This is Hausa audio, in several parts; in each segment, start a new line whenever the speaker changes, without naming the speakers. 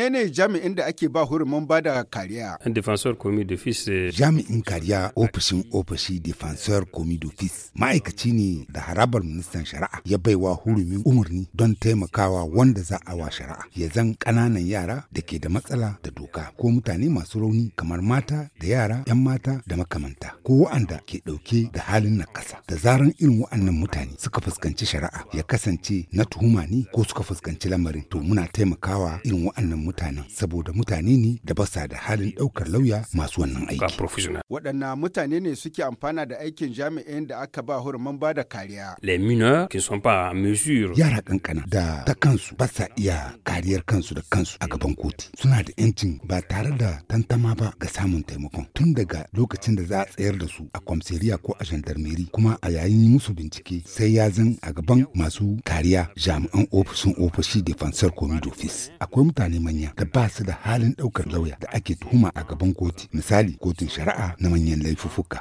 menene jami'in da ake ba hurumin ba da kariya? Defensor Komi d'Office. Jami'in kariya ofishin ofishi
Defensor Komi d'Office ma'aikaci ne da harabar ministan shari'a ya baiwa hurumin umarni don taimakawa wanda za a wa shari'a ya zan ƙananan yara da ke da matsala da doka ko mutane masu rauni kamar mata da yara 'yan mata da makamanta ko wa'anda ke ɗauke da halin na ƙasa da zaran irin wa'annan mutane suka fuskanci shari'a ya kasance na tuhuma ne ko suka fuskanci lamarin to muna taimakawa irin wa'annan mutanen saboda mutane ne da basa da halin ɗaukar lauya
masu wannan aiki. Waɗanna mutane ne suke amfana da aikin jami'in da aka ba horuman ba da kariya. Yara
kankana da ta kansu ba sa iya kariyar kansu da kansu a gaban kotu. Suna da 'yancin ba tare da tantama ba ga samun taimakon tun daga lokacin da za a tsayar da su a kwamseriya ko a jandarmeri kuma a yayin musu bincike sai ya zan a gaban masu kariya jami'an ofishin ofishi defensor komi office. Akwai mutane manya manya da ba su da halin ɗaukar lauya da ake tuhuma a gaban koti misali kotun shari'a na manyan laifuffuka.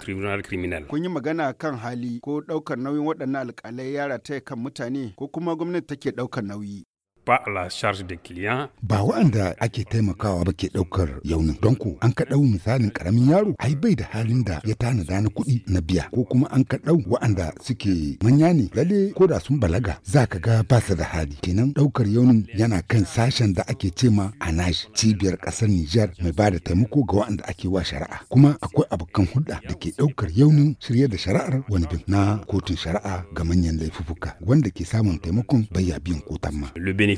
Kun yi magana kan hali ko ɗaukar nauyin waɗannan alƙalai yara ta kan mutane ko kuma gwamnati take ɗaukar nauyi. ba a la charge de client
Ba wa'anda ake taimakawa ba ke ɗaukar yaunin. Don ko an ka ɗau misalin ƙaramin yaro ai bai da halin da ya tanada na kuɗi na biya ko kuma an ka ɗau wa'anda suke manya ne lalle ko da sun balaga za ka ga ba su da hali. Kenan ɗaukar yaunin yana kan sashen da ake ce ma anash cibiyar ƙasar Nijar mai ba da taimako ga wa'anda ake wa shari'a. Kuma akwai abokan hulɗa da ke ɗaukar yaunin shirye da shari'ar wani bin na kotun shari'a ga manyan laifuka wanda ke samun taimakon
bayya biyan kotan ma.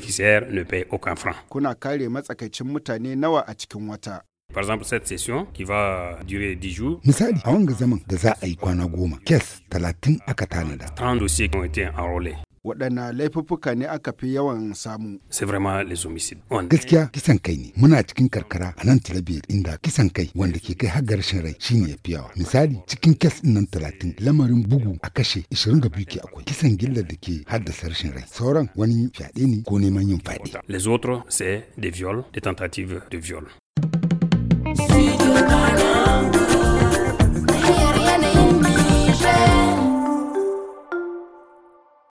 bénéficiaires ne paient aucun franc. Kuna kare matsakaicin mutane nawa a cikin wata? Par exemple, cette session qui va durer 10 jours. Misali, a wanga zaman da za a yi
kwana goma, kes talatin aka tanada.
30 dossiers qui ont été enrôlés. waɗanne laifuffuka ne aka fi yawan samu. c'est vraiment les Gaskiya
kisan kai ne muna cikin karkara a nan Tilabiyar inda kisan kai wanda ke kai har rashin rai shine ya fi yawa. Misali cikin kes nan talatin lamarin bugu a kashe ishirin da biyu ke akwai kisan gillar da ke haddasa rashin rai sauran wani fyaɗe ne
ko neman yin fyaɗe. Les autres c'est des viols, des tentatives de viol.